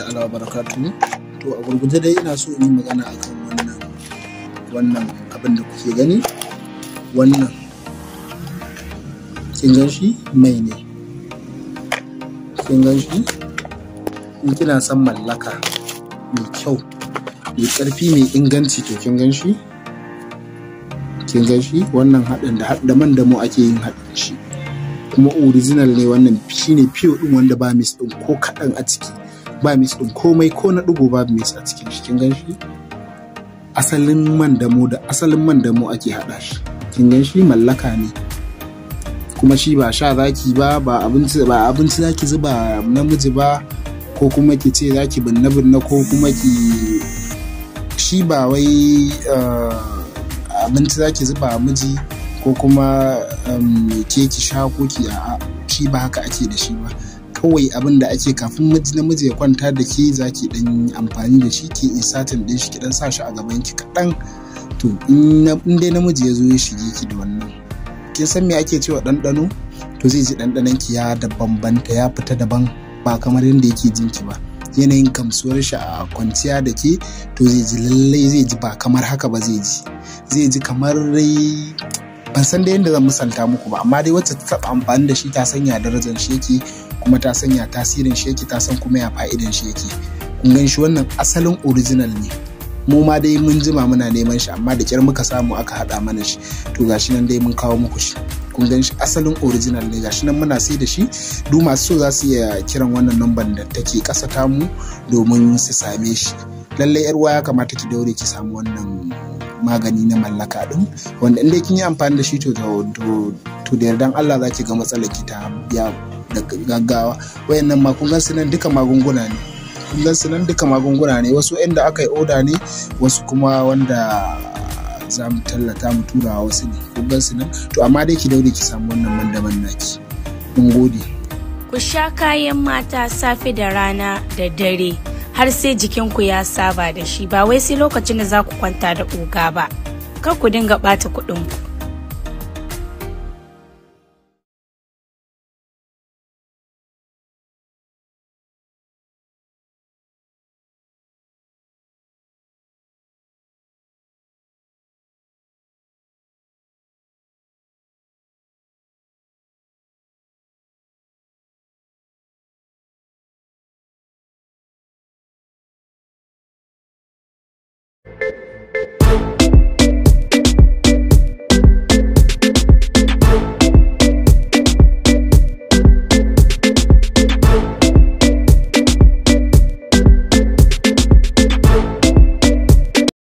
ta'ala wa barakatuhu to a gurguje dai ina so in yi magana akan wannan wannan abin da kuke gani wannan kin gan shi mai ne kin gan shi in kina son mallaka mai kyau mai ƙarfi mai inganci to kin gan shi kin gan shi wannan haɗin da da man da mu ake yin haɗin shi kuma original ne wannan shine fiyo din wanda ba mis din ko kaɗan a ciki ba mis ɗin komai ko na ɗigo babu mis a cikin shi kin gan shi asalin man mu da asalin man mu ake haɗa shi kin gan shi mallaka ne kuma shi ba sha zaki ba ba abinci ba abinci zaki zuba namiji ba ko kuma ki ce zaki binne binne ko kuma ki shi ba wai eh, abinci zaki zuba miji ko kuma eh, ke ki sha ko ki a, shi ba haka ake da shi ba kawai abin da ake kafin miji namiji ya kwanta da ke za ki dan amfani da shi ki insatin din shi ki dan sa shi a gaban ki kaɗan to in dai namiji ya zo ya shige ki da wannan kin san me ake cewa ɗanɗano to zai ji ɗanɗanon ki ya da bambanta ya fita daban ba kamar yadda yake jin ki ba yanayin kamsuwar shi a kwanciya da ke to zai ji lallai zai ji ba kamar haka ba zai ji zai ji kamar ban san da yadda zan misalta muku ba amma dai wacce ta taɓa amfani da shi ta sanya darajar shi yake kuma ta sanya tasirin shi yake ta san kuma ya fa'idan shi yake kun gan shi wannan asalin original ne mu ma dai mun jima muna neman shi amma da kyar muka samu aka haɗa mana shi to gashi nan dai mun kawo muku shi kun gan shi asalin original ne gashi nan muna sai da shi duk masu so za su iya kiran wannan numban da take ƙasa mu, domin su same shi lallai yar ya kamata ki daure ki samu wannan magani na mallaka din wanda in dai kin yi amfani da shi to to da yardan Allah za ki ga matsalar ki ta ya gaggawa wayannan ma kun nan duka magunguna ne kun su nan duka magunguna ne wasu inda aka yi oda ne wasu kuma wanda za mu tallata mu tura wasu ne kun su nan to amma dai ki daure ki samu wannan mandaman naki mun gode ku sha kayan mata safe da rana da dare har sai jikinku ya saba da shi ba wai sai lokacin da za ku kwanta da oga ba kar ku dinga ɓata ku.